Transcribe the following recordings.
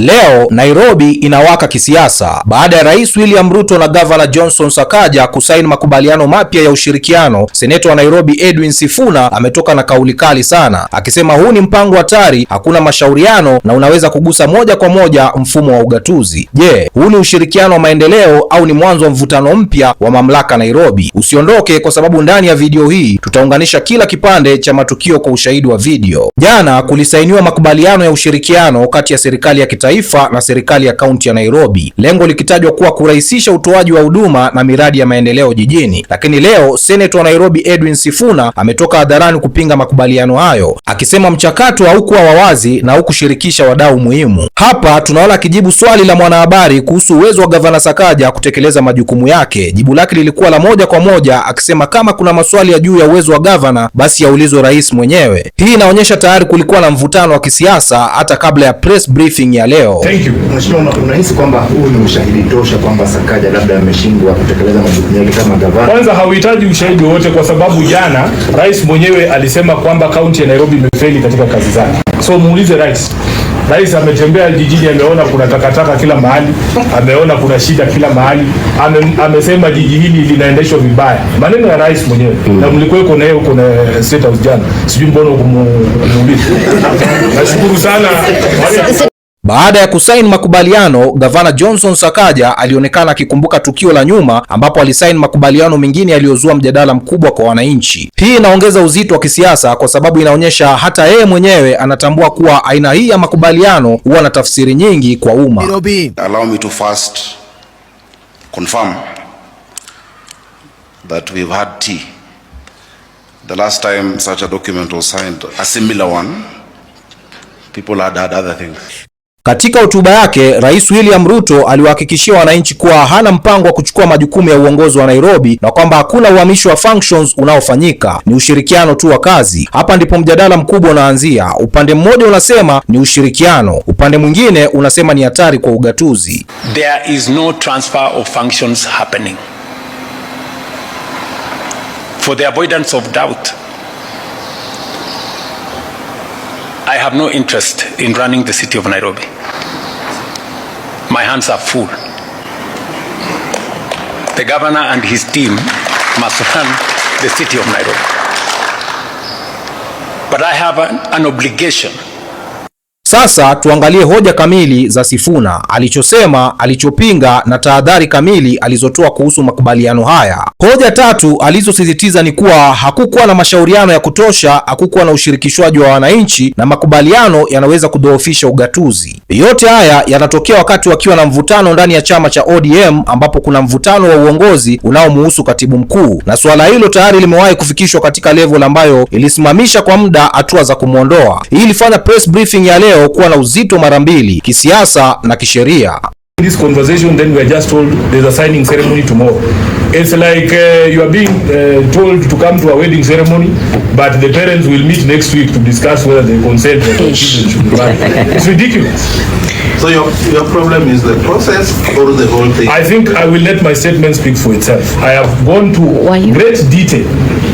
Leo Nairobi inawaka kisiasa baada ya Rais William Ruto na Gavana Johnson Sakaja kusaini makubaliano mapya ya ushirikiano. Seneta wa Nairobi Edwin Sifuna ametoka na kauli kali sana, akisema huu ni mpango hatari, hakuna mashauriano na unaweza kugusa moja kwa moja mfumo wa ugatuzi. Je, huu ni ushirikiano wa maendeleo au ni mwanzo wa mvutano mpya wa mamlaka Nairobi? Usiondoke kwa sababu ndani ya video hii tutaunganisha kila kipande cha matukio kwa ushahidi wa video. Jana kulisainiwa makubaliano ya ushirikiano kati ya serikali ya kitaifa taifa na serikali ya kaunti ya Nairobi, lengo likitajwa kuwa kurahisisha utoaji wa huduma na miradi ya maendeleo jijini. Lakini leo seneta wa Nairobi Edwin Sifuna ametoka hadharani kupinga makubaliano hayo, akisema mchakato haukuwa wa wazi na haukushirikisha wadau muhimu. Hapa tunaona akijibu swali la mwanahabari kuhusu uwezo wa gavana Sakaja kutekeleza majukumu yake, jibu lake lilikuwa la moja kwa moja, akisema kama kuna maswali ya juu ya uwezo wa gavana basi yaulizwe rais mwenyewe. Hii inaonyesha tayari kulikuwa na mvutano wa kisiasa hata kabla ya press briefing ya leo leo. Thank you. Mheshimiwa, unahisi kwamba huu ni ushahidi tosha kwamba Sakaja labda ameshindwa kutekeleza majukumu yake kama gavana? Kwanza hauhitaji ushahidi wowote kwa sababu jana rais mwenyewe alisema kwamba kaunti ya Nairobi imefeli katika kazi zake, so muulize rais. Rais ametembea jijini, ameona kuna takataka kila mahali, ameona kuna shida kila mahali, ame, amesema jiji hili linaendeshwa vibaya. Maneno ya rais mwenyewe mm. na mlikuweko naye huko na State House jana, sijui mbona ukumuuliza. Nashukuru sana baada ya kusaini makubaliano, Gavana Johnson Sakaja alionekana akikumbuka tukio la nyuma ambapo alisaini makubaliano mengine yaliyozua mjadala mkubwa kwa wananchi. Hii inaongeza uzito wa kisiasa kwa sababu inaonyesha hata yeye mwenyewe anatambua kuwa aina hii ya makubaliano huwa na tafsiri nyingi kwa umma. Allow me to first confirm that we've had tea. The last time such a document was signed, a similar one. People had had other things. Katika hotuba yake, Rais William Ruto aliwahakikishia wananchi kuwa hana mpango wa kuchukua majukumu ya uongozi wa Nairobi na kwamba hakuna uhamisho wa functions unaofanyika, ni ushirikiano tu wa kazi. Hapa ndipo mjadala mkubwa unaanzia. Upande mmoja unasema ni ushirikiano, upande mwingine unasema ni hatari kwa ugatuzi. There is no transfer of functions happening. For the avoidance of doubt, I have no interest in running the city of Nairobi. My hands are full. The governor and his team must run the city of Nairobi. But I have an, an obligation sasa tuangalie hoja kamili za Sifuna, alichosema, alichopinga na tahadhari kamili alizotoa kuhusu makubaliano haya. Hoja tatu alizosisitiza ni kuwa hakukuwa na mashauriano ya kutosha, hakukuwa na ushirikishwaji wa wananchi na makubaliano yanaweza kudhoofisha ugatuzi. Yote haya yanatokea wakati wakiwa na mvutano ndani ya chama cha ODM ambapo kuna mvutano wa uongozi unaomuhusu katibu mkuu, na suala hilo tayari limewahi kufikishwa katika level ambayo ilisimamisha kwa muda hatua za kumwondoa. Hii ilifanya press briefing ya leo kuwa na uzito mara mbili, kisiasa na kisheria this conversation then we are just told there's a signing ceremony tomorrow it's like uh, you are being uh, told to come to a wedding ceremony but the parents will meet next week to discuss whether they consent or their children should be married it's ridiculous so your, your problem is the process or the whole thing i think i will let my statement speak for itself i have gone to great detail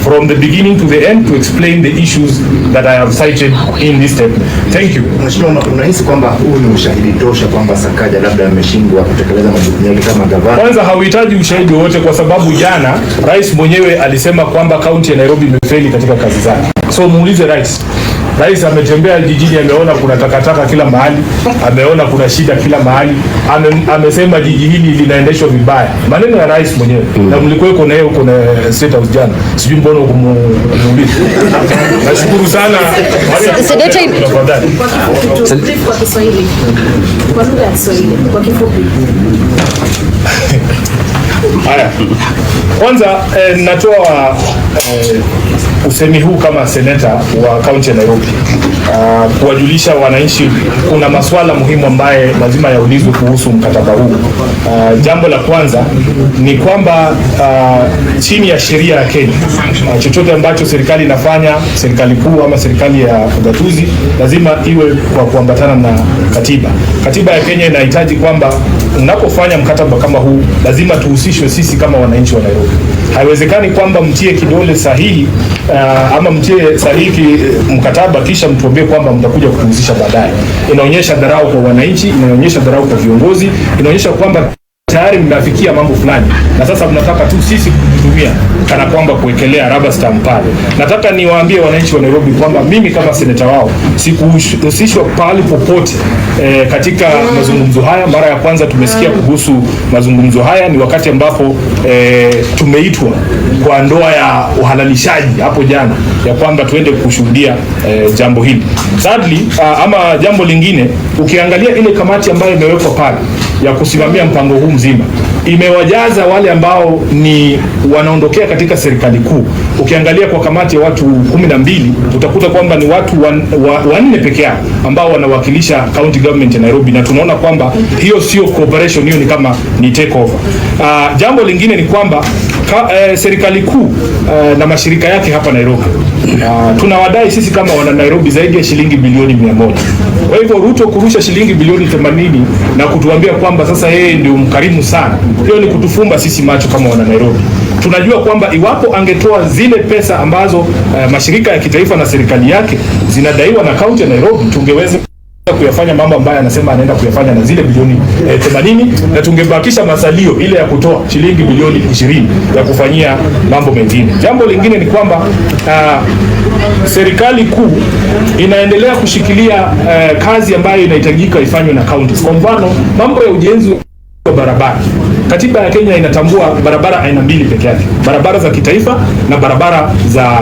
from the beginning to the end to explain the issues that i have cited in this statement thank you mheshimiwa unahisi kwamba huu ni ushahidi tosha kwamba sakaja labda ameshi ameshindwa kutekeleza majukumu yake kama gavana. Kwanza hauhitaji ushahidi wowote, kwa sababu jana rais mwenyewe alisema kwamba kaunti ya Nairobi imefeli katika kazi zake, so muulize rais. Rais ametembea jijini, ameona kuna takataka kila mahali, ameona kuna shida kila mahali, ame, amesema jiji hili linaendeshwa vibaya. Maneno ya rais mwenyewe mm. na mlikuwa na yeye huko na State House jana, sijui mbona ukumuuliza. Nashukuru sana Haya, kwanza eh, natoa eh, usemi huu kama seneta wa kaunti ya Nairobi. Ah, kuwajulisha wananchi kuna masuala muhimu ambaye lazima yaulizwe kuhusu mkataba huu. Uh, jambo la kwanza ni kwamba uh, chini ya sheria ya Kenya uh, chochote ambacho serikali inafanya, serikali kuu ama serikali ya ugatuzi lazima iwe kwa kuambatana na katiba. Katiba ya Kenya inahitaji kwamba mnapofanya mkataba kama huu lazima tuhusishwe sisi kama wananchi wa Nairobi. Haiwezekani kwamba mtie kidole sahihi uh, ama mtie sahihi eh, mkataba kisha mtuambie kwamba mtakuja kutuhusisha baadaye. Inaonyesha dharau kwa wananchi, inaonyesha dharau kwa viongozi, inaonyesha kwamba tayari mnafikia mambo fulani, na sasa mnataka tu sisi kutumia kana kwamba kuwekelea rubber stamp pale. Nataka niwaambie wananchi wa Nairobi kwamba mimi kama seneta wao sikuhusishwa pale popote e, katika mazungumzo haya. Mara ya kwanza tumesikia kuhusu mazungumzo haya ni wakati ambapo e, tumeitwa kwa ndoa ya uhalalishaji hapo jana ya kwamba tuende kushuhudia e, jambo hili. Sadly, ah, ama jambo lingine ukiangalia ile kamati ambayo imewekwa pale ya kusimamia mpango huu mzima imewajaza wale ambao ni wanaondokea katika serikali kuu. Ukiangalia kwa kamati ya watu kumi na mbili utakuta kwamba ni watu wanne wa, wanne peke yao ambao wanawakilisha county government ya Nairobi, na tunaona kwamba hiyo sio cooperation, hiyo ni kama ni takeover. Uh, jambo lingine ni kwamba Ka, eh, serikali kuu eh, na mashirika yake hapa Nairobi na tunawadai sisi kama wana Nairobi zaidi ya shilingi bilioni mia moja. Kwa hivyo Ruto kurusha shilingi bilioni 80 na kutuambia kwamba sasa yeye ndio mkarimu sana, hiyo ni kutufumba sisi macho kama wana Nairobi. Tunajua kwamba iwapo angetoa zile pesa ambazo eh, mashirika ya kitaifa na serikali yake zinadaiwa na kaunti ya Nairobi tungeweza kuyafanya mambo ambayo anasema anaenda kuyafanya na zile bilioni 80 eh, na tungebakisha masalio ile ya kutoa shilingi bilioni 20 ya kufanyia mambo mengine. Jambo lingine ni kwamba uh, serikali kuu inaendelea kushikilia uh, kazi ambayo inahitajika ifanywe na counties. Kwa mfano mambo ya ujenzi Barabara. Katiba ya Kenya inatambua barabara aina mbili peke yake, barabara za kitaifa na barabara za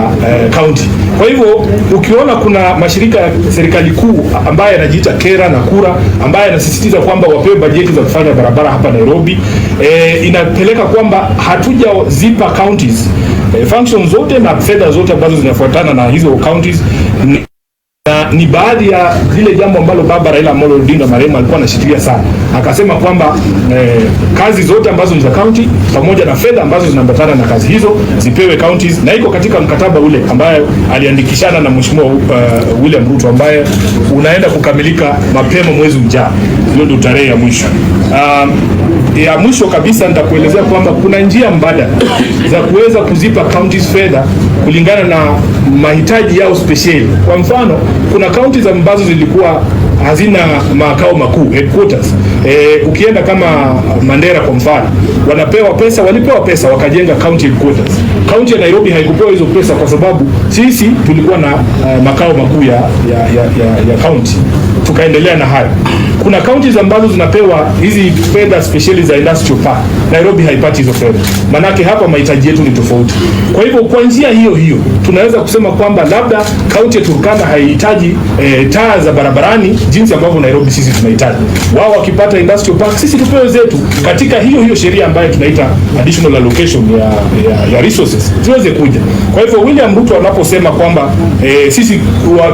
kaunti. Eh, kwa hivyo ukiona kuna mashirika ya serikali kuu ambayo yanajiita Kera na Kura ambayo yanasisitiza kwamba wapewe bajeti za kufanya barabara hapa Nairobi, eh, inapeleka kwamba hatujazipa counties eh, functions zote na fedha zote ambazo zinafuatana na hizo counties na ni baadhi ya zile jambo ambalo baba Raila Amolo Odinga marehemu alikuwa anashikilia sana, akasema kwamba eh, kazi zote ambazo ni za kaunti pamoja na fedha ambazo zinaambatana na kazi hizo zipewe counties, na iko katika mkataba ule ambaye aliandikishana na mheshimiwa uh, William Ruto ambaye unaenda kukamilika mapema mwezi ujao, hiyo ndio tarehe ya mwisho. Um, ya mwisho kabisa nitakuelezea kwamba kuna njia mbadala za kuweza kuzipa counties fedha kulingana na mahitaji yao spesheli. Kwa mfano, kuna kaunti ambazo zilikuwa hazina makao makuu headquarters. E, ukienda kama Mandera kwa mfano, wanapewa pesa, walipewa pesa wakajenga county headquarters. Kaunti ya Nairobi haikupewa hizo pesa kwa sababu sisi tulikuwa na uh, makao makuu ya, ya, ya, ya, ya county, tukaendelea na hayo kuna counties ambazo zinapewa hizi fedha speciali za industrial park. Nairobi haipati hizo fedha, manake hapa mahitaji yetu ni tofauti. Kwa hivyo kwa njia hiyo hiyo tunaweza kusema kwamba labda kaunti ya Turkana haihitaji e, taa za barabarani jinsi ambavyo Nairobi sisi tunahitaji. Wao wakipata industrial park, sisi tupewe zetu katika hiyo hiyo sheria ambayo tunaita additional allocation ya, ya, ya resources tuweze kuja. Kwa hivyo William Ruto anaposema kwamba e, sisi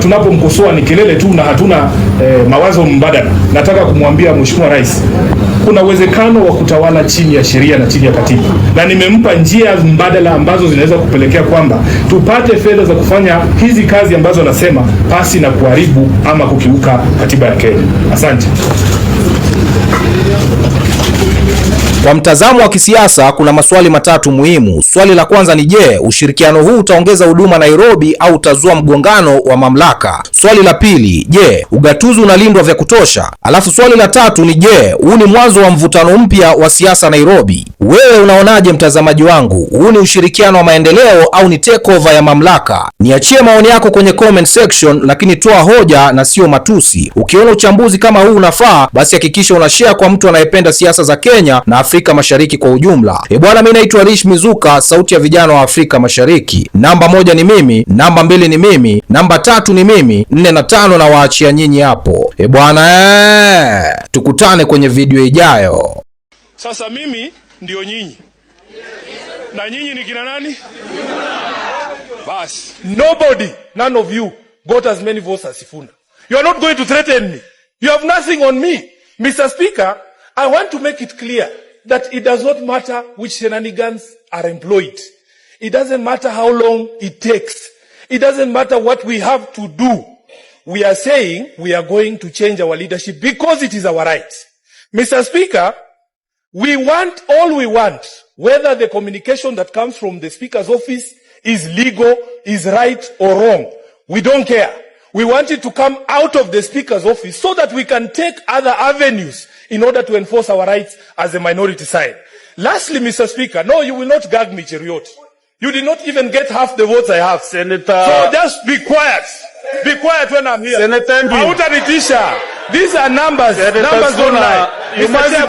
tunapomkosoa ni kelele tu na hatuna e, mawazo mbadala na nataka kumwambia Mheshimiwa Rais, kuna uwezekano wa kutawala chini ya sheria na chini ya katiba, na nimempa njia mbadala ambazo zinaweza kupelekea kwamba tupate fedha za kufanya hizi kazi ambazo anasema pasi na kuharibu ama kukiuka katiba ya Kenya. Asante. Kwa mtazamo wa kisiasa kuna maswali matatu muhimu. Swali la kwanza ni je, ushirikiano huu utaongeza huduma Nairobi au utazua mgongano wa mamlaka? Swali la pili, je, ugatuzi unalindwa vya kutosha? Alafu swali la tatu ni je, huu ni mwanzo wa mvutano mpya wa siasa Nairobi? Wewe unaonaje, mtazamaji wangu? Huu ni ushirikiano wa maendeleo au ni takeover ya mamlaka? Niachie maoni yako kwenye comment section, lakini toa hoja na sio matusi. Ukiona uchambuzi kama huu unafaa, basi hakikisha unashare kwa mtu anayependa siasa za Kenya na Afrika Mashariki kwa ujumla. E bwana, mimi naitwa Rish Mizuka, sauti ya vijana wa Afrika Mashariki. Namba moja ni mimi, namba mbili ni mimi, namba tatu ni mimi, nne na tano na waachia nyinyi hapo. E bwana ee, tukutane kwenye video ijayo. Sasa mimi ndio nyinyi na nyinyi ni kina nani? Basi nobody none of you got as many votes as Sifuna. You are not going to threaten me. You have nothing on me. Mr. Speaker, I want to make it clear that it does not matter which shenanigans are employed. It doesn't matter how long it takes. It doesn't matter what we have to do. We are saying we are going to change our leadership because it is our right. Mr. Speaker, we want all we want, whether the communication that comes from the Speaker's office is legal, is right or wrong. We don't care we want it to come out of the Speaker's office so that we can take other avenues in order to enforce our rights as a minority side. Lastly, Mr. Speaker, no, you will not gag me, Cheriot. You did not even get half the votes I have. Senator. So just be quiet. Be quiet when I'm here. Senator. These are numbers. Senator numbers don't lie.